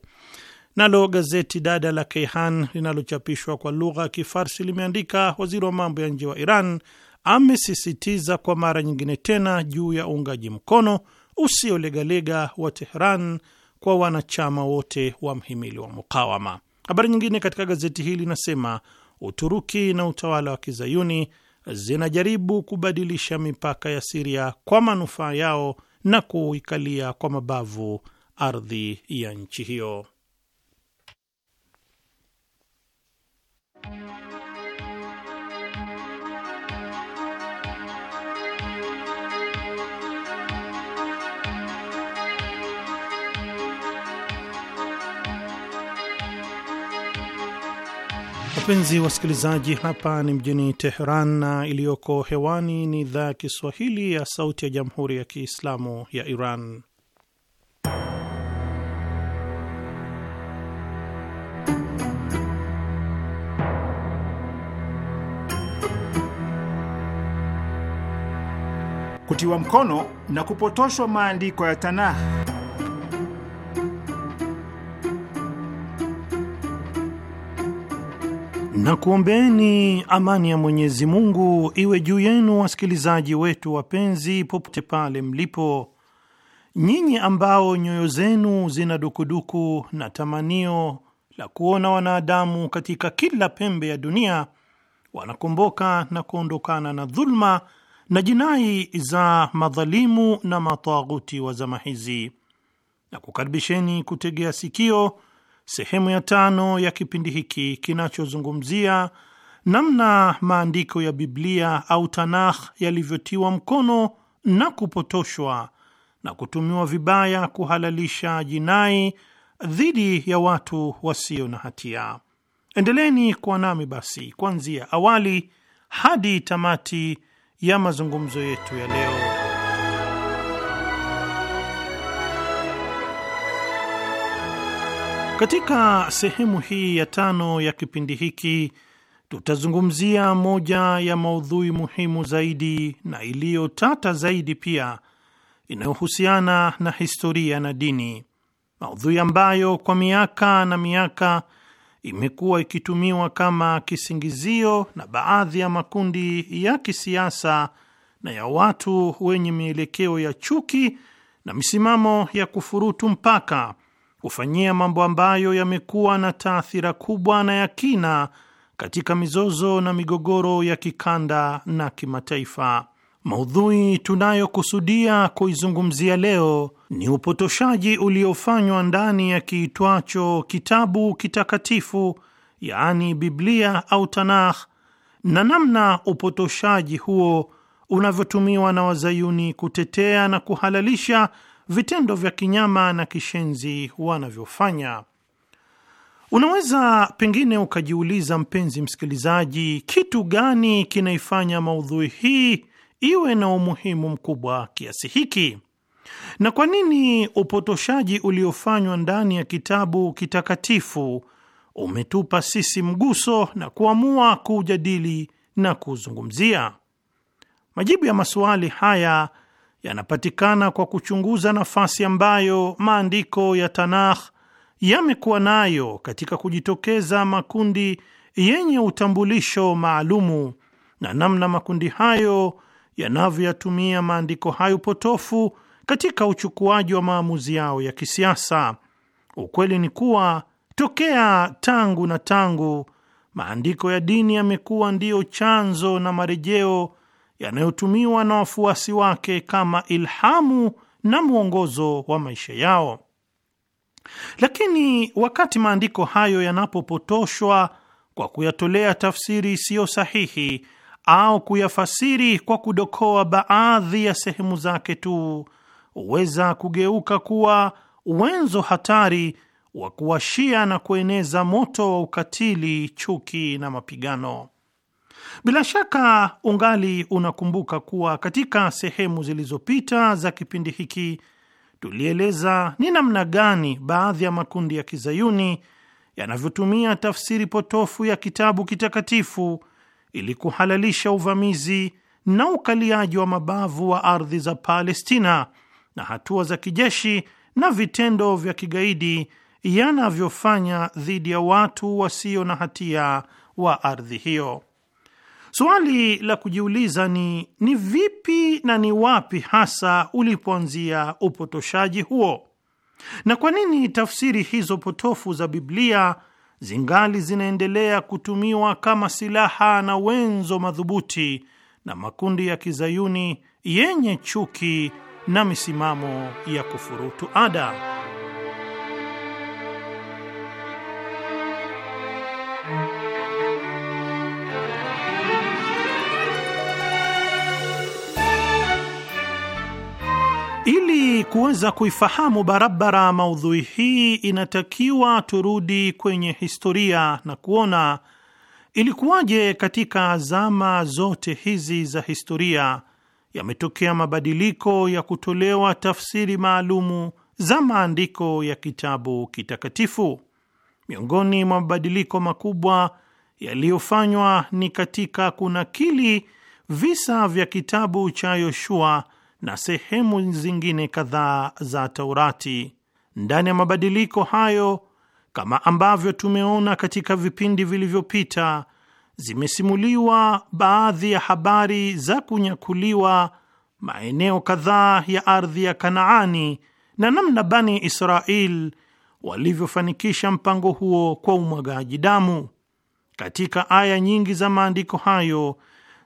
Nalo gazeti dada la Kayhan linalochapishwa kwa lugha ya Kifarsi limeandika waziri wa mambo ya nje wa Iran amesisitiza kwa mara nyingine tena juu ya uungaji mkono usiolegalega wa Tehran kwa wanachama wote wa mhimili wa mukawama. Habari nyingine katika gazeti hili inasema Uturuki na utawala wa kizayuni zinajaribu kubadilisha mipaka ya Siria kwa manufaa yao na kuikalia kwa mabavu ardhi ya nchi hiyo. Wapenzi wasikilizaji, hapa ni mjini Teheran na iliyoko hewani ni idhaa ya Kiswahili ya Sauti ya Jamhuri ya Kiislamu ya Iran. Kutiwa mkono na kupotoshwa maandiko ya Tanakh na kuombeni amani ya Mwenyezi Mungu iwe juu yenu, wasikilizaji wetu wapenzi, popote pale mlipo, nyinyi ambao nyoyo zenu zina dukuduku na tamanio la kuona wanadamu katika kila pembe ya dunia wanakomboka na kuondokana na dhulma na jinai za madhalimu na mataghuti wa zama hizi, na kukaribisheni kutegea sikio sehemu ya tano ya kipindi hiki kinachozungumzia namna maandiko ya Biblia au Tanakh yalivyotiwa mkono na kupotoshwa na kutumiwa vibaya kuhalalisha jinai dhidi ya watu wasio na hatia. endeleni kuwa nami basi kuanzia awali hadi tamati ya mazungumzo yetu ya leo. Katika sehemu hii ya tano ya kipindi hiki tutazungumzia moja ya maudhui muhimu zaidi na iliyotata zaidi pia inayohusiana na historia na dini, maudhui ambayo kwa miaka na miaka imekuwa ikitumiwa kama kisingizio na baadhi ya makundi ya kisiasa na ya watu wenye mielekeo ya chuki na misimamo ya kufurutu mpaka kufanyia mambo ambayo yamekuwa na taathira kubwa na ya kina katika mizozo na migogoro ya kikanda na kimataifa. Maudhui tunayokusudia kuizungumzia leo ni upotoshaji uliofanywa ndani ya kiitwacho kitabu kitakatifu, yaani Biblia au Tanakh, na namna upotoshaji huo unavyotumiwa na wazayuni kutetea na kuhalalisha vitendo vya kinyama na kishenzi wanavyofanya. Unaweza pengine ukajiuliza, mpenzi msikilizaji, kitu gani kinaifanya maudhui hii iwe na umuhimu mkubwa kiasi hiki, na kwa nini upotoshaji uliofanywa ndani ya kitabu kitakatifu umetupa sisi mguso na kuamua kuujadili na kuuzungumzia? Majibu ya masuali haya yanapatikana kwa kuchunguza nafasi ambayo maandiko ya Tanakh yamekuwa nayo katika kujitokeza makundi yenye utambulisho maalumu na namna makundi hayo yanavyoyatumia maandiko hayo potofu katika uchukuaji wa maamuzi yao ya kisiasa. Ukweli ni kuwa tokea tangu na tangu, maandiko ya dini yamekuwa ndiyo chanzo na marejeo yanayotumiwa na wafuasi wake kama ilhamu na mwongozo wa maisha yao. Lakini wakati maandiko hayo yanapopotoshwa kwa kuyatolea tafsiri isiyo sahihi au kuyafasiri kwa kudokoa baadhi ya sehemu zake tu, huweza kugeuka kuwa wenzo hatari wa kuwashia na kueneza moto wa ukatili, chuki na mapigano. Bila shaka ungali unakumbuka kuwa katika sehemu zilizopita za kipindi hiki tulieleza ni namna gani baadhi ya makundi ya kizayuni yanavyotumia tafsiri potofu ya kitabu kitakatifu ili kuhalalisha uvamizi na ukaliaji wa mabavu wa ardhi za Palestina na hatua za kijeshi na vitendo vya kigaidi yanavyofanya dhidi ya watu wasio na hatia wa ardhi hiyo. Swali la kujiuliza ni ni vipi na ni wapi hasa ulipoanzia upotoshaji huo, na kwa nini tafsiri hizo potofu za Biblia zingali zinaendelea kutumiwa kama silaha na wenzo madhubuti na makundi ya kizayuni yenye chuki na misimamo ya kufurutu ada. Ili kuweza kuifahamu barabara maudhui hii, inatakiwa turudi kwenye historia na kuona ilikuwaje katika zama zote hizi za historia yametokea mabadiliko ya kutolewa tafsiri maalumu za maandiko ya kitabu kitakatifu. Miongoni mwa mabadiliko makubwa yaliyofanywa ni katika kunakili visa vya kitabu cha Yoshua na sehemu zingine kadhaa za Taurati. Ndani ya mabadiliko hayo, kama ambavyo tumeona katika vipindi vilivyopita, zimesimuliwa baadhi ya habari za kunyakuliwa maeneo kadhaa ya ardhi ya Kanaani na namna Bani Israel walivyofanikisha mpango huo kwa umwagaji damu. Katika aya nyingi za maandiko hayo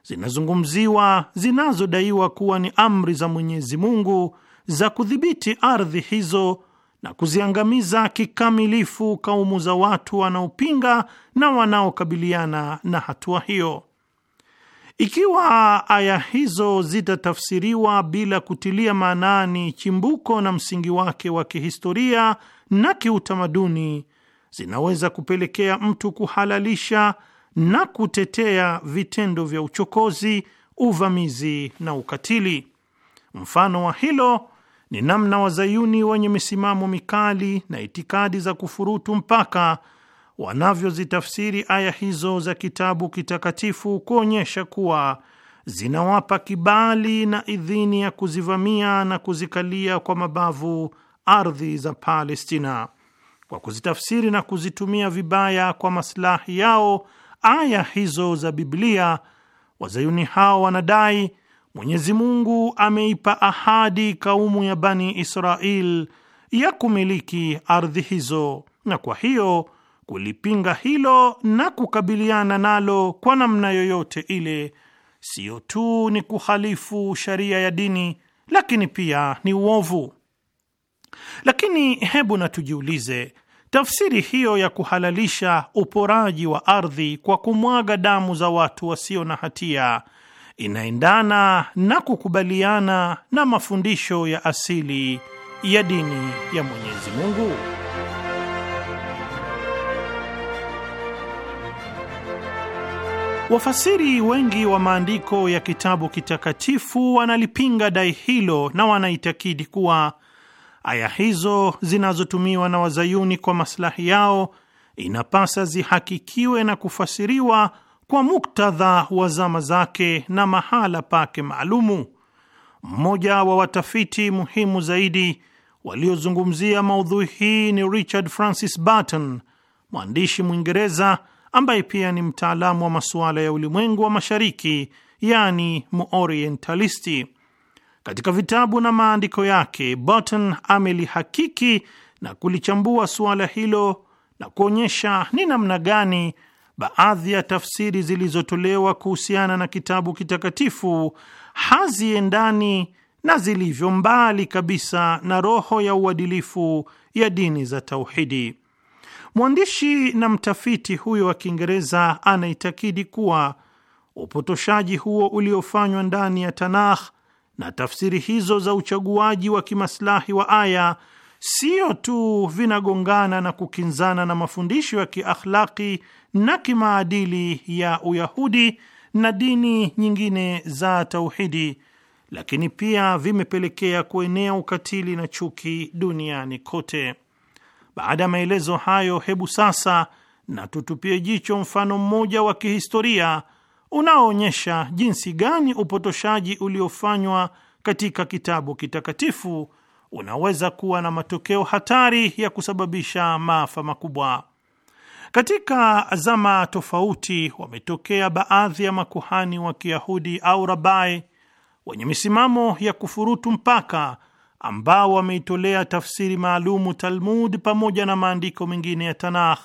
zinazungumziwa zinazodaiwa kuwa ni amri za Mwenyezi Mungu za kudhibiti ardhi hizo na kuziangamiza kikamilifu kaumu za watu wanaopinga na wanaokabiliana na hatua hiyo. Ikiwa aya hizo zitatafsiriwa bila kutilia maanani chimbuko na msingi wake wa kihistoria na kiutamaduni, zinaweza kupelekea mtu kuhalalisha na kutetea vitendo vya uchokozi, uvamizi na ukatili. Mfano wa hilo ni namna wazayuni wenye misimamo mikali na itikadi za kufurutu mpaka wanavyozitafsiri aya hizo za kitabu kitakatifu kuonyesha kuwa zinawapa kibali na idhini ya kuzivamia na kuzikalia kwa mabavu ardhi za Palestina kwa kuzitafsiri na kuzitumia vibaya kwa maslahi yao aya hizo za Biblia, wazayuni hao wanadai Mwenyezi Mungu ameipa ahadi kaumu ya Bani Israel ya kumiliki ardhi hizo, na kwa hiyo kulipinga hilo na kukabiliana nalo kwa namna yoyote ile siyo tu ni kuhalifu sharia ya dini, lakini pia ni uovu. Lakini hebu na tujiulize, Tafsiri hiyo ya kuhalalisha uporaji wa ardhi kwa kumwaga damu za watu wasio na hatia inaendana na kukubaliana na mafundisho ya asili ya dini ya Mwenyezi Mungu. Wafasiri wengi wa maandiko ya kitabu kitakatifu wanalipinga dai hilo na wanaitakidi kuwa aya hizo zinazotumiwa na wazayuni kwa maslahi yao inapasa zihakikiwe na kufasiriwa kwa muktadha wa zama zake na mahala pake maalumu. Mmoja wa watafiti muhimu zaidi waliozungumzia maudhui hii ni Richard Francis Burton, mwandishi Mwingereza ambaye pia ni mtaalamu wa masuala ya ulimwengu wa mashariki, yani muorientalisti. Katika vitabu na maandiko yake, Burton amelihakiki na kulichambua suala hilo na kuonyesha ni namna gani baadhi ya tafsiri zilizotolewa kuhusiana na kitabu kitakatifu haziendani na zilivyo mbali kabisa na roho ya uadilifu ya dini za tauhidi. Mwandishi na mtafiti huyo wa Kiingereza anaitakidi kuwa upotoshaji huo uliofanywa ndani ya Tanakh na tafsiri hizo za uchaguaji wa kimaslahi wa aya sio tu vinagongana na kukinzana na mafundisho ya kiakhlaki na kimaadili ya Uyahudi na dini nyingine za tauhidi, lakini pia vimepelekea kuenea ukatili na chuki duniani kote. Baada ya maelezo hayo, hebu sasa na tutupie jicho mfano mmoja wa kihistoria unaoonyesha jinsi gani upotoshaji uliofanywa katika kitabu kitakatifu unaweza kuwa na matokeo hatari ya kusababisha maafa makubwa. Katika azama tofauti, wametokea baadhi ya makuhani wa Kiyahudi au rabai wenye misimamo ya kufurutu mpaka ambao wameitolea tafsiri maalumu Talmud pamoja na maandiko mengine ya Tanakh,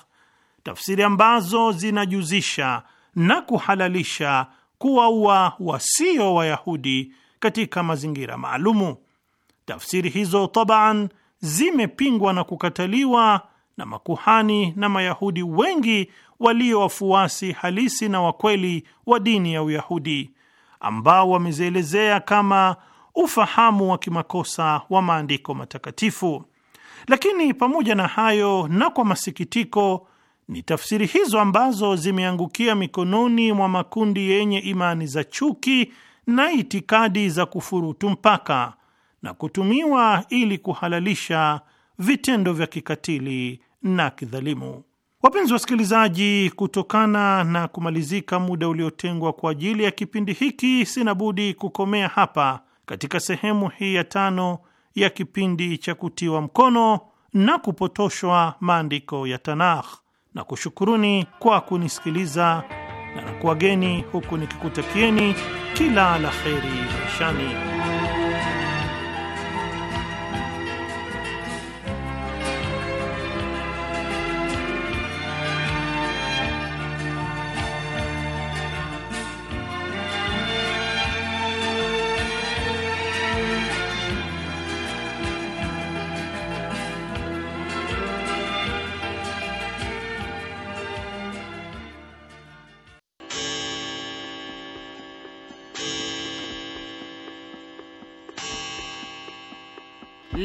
tafsiri ambazo zinajuzisha na kuhalalisha kuwaua wasio Wayahudi katika mazingira maalumu. Tafsiri hizo taban zimepingwa na kukataliwa na makuhani na Mayahudi wengi walio wafuasi halisi na wakweli wa dini ya Uyahudi ambao wamezielezea kama ufahamu wa kimakosa wa maandiko matakatifu. Lakini pamoja na hayo, na kwa masikitiko ni tafsiri hizo ambazo zimeangukia mikononi mwa makundi yenye imani za chuki na itikadi za kufurutu mpaka na kutumiwa ili kuhalalisha vitendo vya kikatili na kidhalimu. Wapenzi wasikilizaji, kutokana na kumalizika muda uliotengwa kwa ajili ya kipindi hiki, sina budi kukomea hapa katika sehemu hii ya tano ya kipindi cha kutiwa mkono na kupotoshwa maandiko ya Tanakh na kushukuruni kwa kunisikiliza na nakuwageni huku nikikutakieni kila la kheri maishani.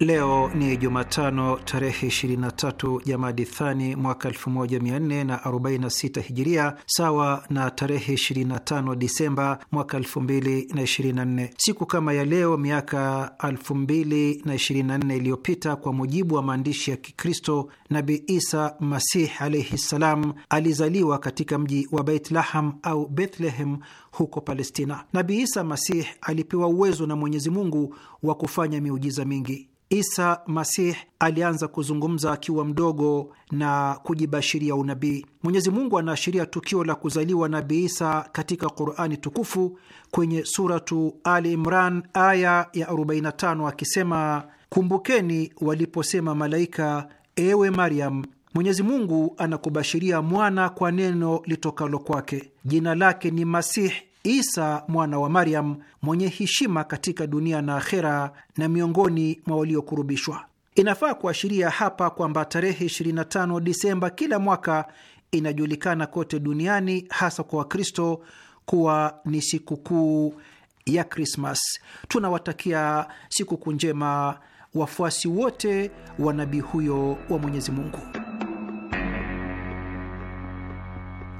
Leo ni Jumatano tarehe 23 Jamadi Thani mwaka 1446 Hijiria, sawa na tarehe 25 Disemba mwaka 2024. Siku kama ya leo miaka 2024 iliyopita, kwa mujibu wa maandishi ya Kikristo, Nabi Isa Masih alaihi ssalam alizaliwa katika mji wa Beitlaham au Bethlehem huko Palestina. Nabi Isa Masih alipewa uwezo na Mwenyezi Mungu wa kufanya miujiza mingi. Isa Masih alianza kuzungumza akiwa mdogo na kujibashiria unabii. Mwenyezi Mungu anaashiria tukio la kuzaliwa Nabii Isa katika Qurani tukufu kwenye Suratu Ali Imran aya ya 45 akisema, kumbukeni waliposema malaika, ewe Maryam, Mwenyezi Mungu anakubashiria mwana kwa neno litokalo kwake, jina lake ni Masihi Isa mwana wa Maryam, mwenye heshima katika dunia na akhera, na miongoni mwa waliokurubishwa. Inafaa kuashiria hapa kwamba tarehe 25 Disemba kila mwaka inajulikana kote duniani, hasa kwa Wakristo, kuwa ni sikukuu ya Krismas. Tunawatakia sikukuu njema wafuasi wote wa nabii huyo wa Mwenyezi Mungu.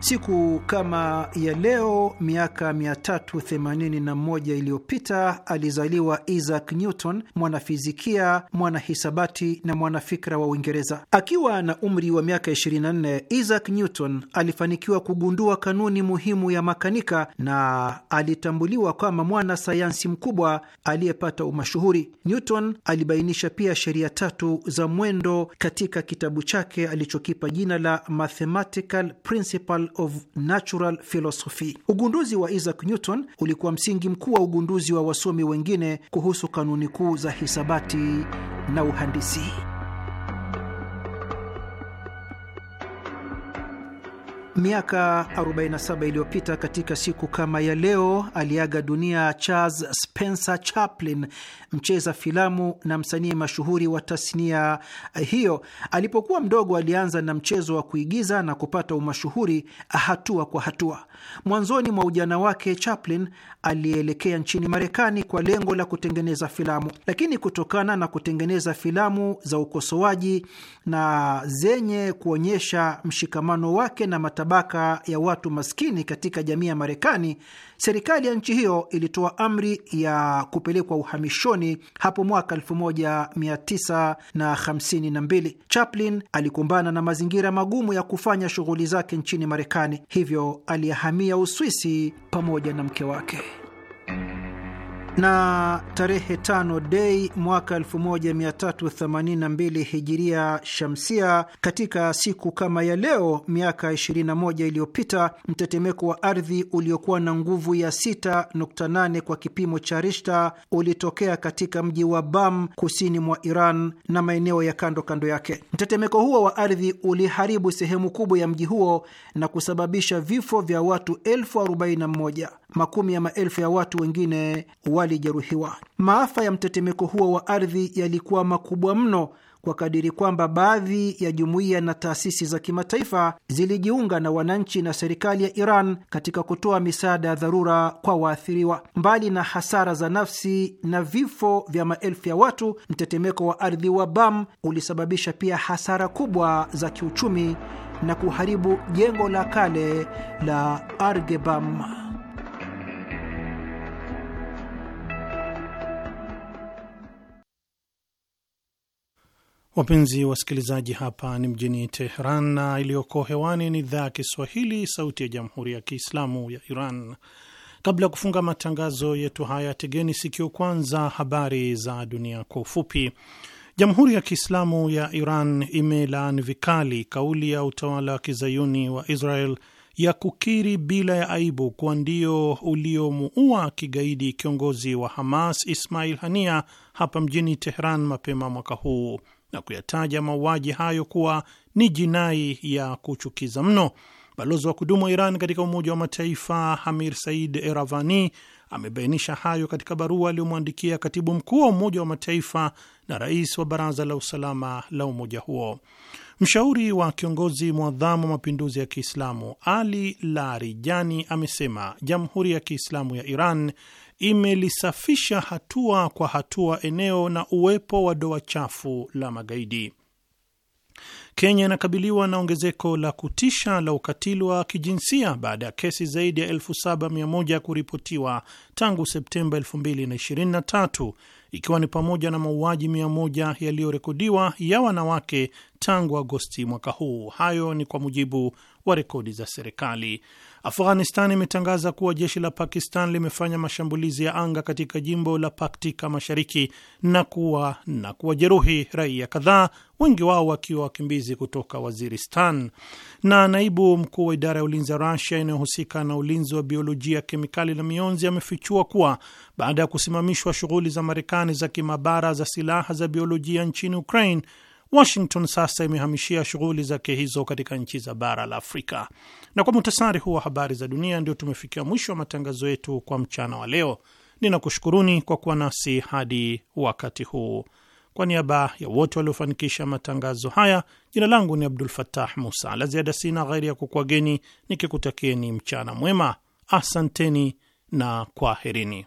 Siku kama ya leo miaka 381 iliyopita alizaliwa Isaac Newton, mwanafizikia, mwanahisabati na mwanafikra wa Uingereza. Akiwa na umri wa miaka 24, Isaac Newton alifanikiwa kugundua kanuni muhimu ya makanika na alitambuliwa kama mwana sayansi mkubwa aliyepata umashuhuri. Newton alibainisha pia sheria tatu za mwendo katika kitabu chake alichokipa jina la Mathematical Principle of Natural Philosophy. Ugunduzi wa Isaac Newton ulikuwa msingi mkuu wa ugunduzi wa wasomi wengine kuhusu kanuni kuu za hisabati na uhandisi. Miaka 47 iliyopita katika siku kama ya leo aliaga dunia Charles Spencer Chaplin, mcheza filamu na msanii mashuhuri wa tasnia hiyo. Alipokuwa mdogo, alianza na mchezo wa kuigiza na kupata umashuhuri hatua kwa hatua. Mwanzoni mwa ujana wake, Chaplin alielekea nchini Marekani kwa lengo la kutengeneza filamu, lakini kutokana na kutengeneza filamu za ukosoaji na zenye kuonyesha mshikamano wake na matabaka ya watu maskini katika jamii ya Marekani, serikali ya nchi hiyo ilitoa amri ya kupelekwa uhamishoni Uhamishoni hapo mwaka 1952. Chaplin alikumbana na mazingira magumu ya kufanya shughuli zake nchini Marekani, hivyo alihamia Uswisi pamoja na mke wake na tarehe tano Dei mwaka 1382 hijiria shamsia. Katika siku kama ya leo miaka 21 iliyopita, mtetemeko wa ardhi uliokuwa na nguvu ya 6.8 kwa kipimo cha Rishta ulitokea katika mji wa Bam kusini mwa Iran na maeneo ya kando kando yake. Mtetemeko huo wa ardhi uliharibu sehemu kubwa ya mji huo na kusababisha vifo vya watu elfu arobaini na moja makumi ya maelfu ya watu wengine walijeruhiwa. Maafa ya mtetemeko huo wa ardhi yalikuwa makubwa mno kwa kadiri kwamba baadhi ya jumuiya na taasisi za kimataifa zilijiunga na wananchi na serikali ya Iran katika kutoa misaada ya dharura kwa waathiriwa. Mbali na hasara za nafsi na vifo vya maelfu ya watu, mtetemeko wa ardhi wa Bam ulisababisha pia hasara kubwa za kiuchumi na kuharibu jengo la kale la Argebam. Wapenzi wasikilizaji, hapa ni mjini Teheran na iliyoko hewani ni idhaa ya Kiswahili, Sauti ya Jamhuri ya Kiislamu ya Iran. Kabla ya kufunga matangazo yetu haya, tegeni sikio kwanza habari za dunia kwa ufupi. Jamhuri ya Kiislamu ya Iran imelaani vikali kauli ya utawala wa kizayuni wa Israel ya kukiri bila ya aibu kuwa ndio uliomuua kigaidi kiongozi wa Hamas Ismail Hania hapa mjini Teheran mapema mwaka huu na kuyataja mauaji hayo kuwa ni jinai ya kuchukiza mno. Balozi wa kudumu wa Iran katika Umoja wa Mataifa Hamir Said Eravani amebainisha hayo katika barua aliyomwandikia katibu mkuu wa Umoja wa Mataifa na rais wa Baraza la Usalama la umoja huo. Mshauri wa kiongozi mwadhamu wa mapinduzi ya Kiislamu Ali Larijani amesema Jamhuri ya Kiislamu ya Iran imelisafisha hatua kwa hatua eneo na uwepo wa doa chafu la magaidi. Kenya inakabiliwa na ongezeko la kutisha la ukatili wa kijinsia baada ya kesi zaidi ya 7100 kuripotiwa tangu Septemba 2023 ikiwa ni pamoja na mauaji 100 yaliyorekodiwa ya wanawake tangu Agosti mwaka huu. Hayo ni kwa mujibu wa rekodi za serikali. Afghanistan imetangaza kuwa jeshi la Pakistan limefanya mashambulizi ya anga katika jimbo la Paktika mashariki na kuwa na kuwajeruhi raia kadhaa, wengi wao wakiwa wakimbizi kutoka Waziristan. Na naibu mkuu wa idara ya ulinzi ya Rusia inayohusika na ulinzi wa biolojia, kemikali na mionzi amefichua kuwa baada ya kusimamishwa shughuli za Marekani za kimabara za silaha za biolojia nchini Ukraine Washington sasa imehamishia shughuli zake hizo katika nchi za bara la Afrika. Na kwa muhtasari huu wa habari za dunia, ndio tumefikia mwisho wa matangazo yetu kwa mchana wa leo. Ninakushukuruni kwa kuwa nasi hadi wakati huu. Kwa niaba ya wote waliofanikisha matangazo haya, jina langu ni Abdul fatah Musa. La ziada sina ghairi ya kukwageni nikikutakieni mchana mwema. Asanteni na kwaherini.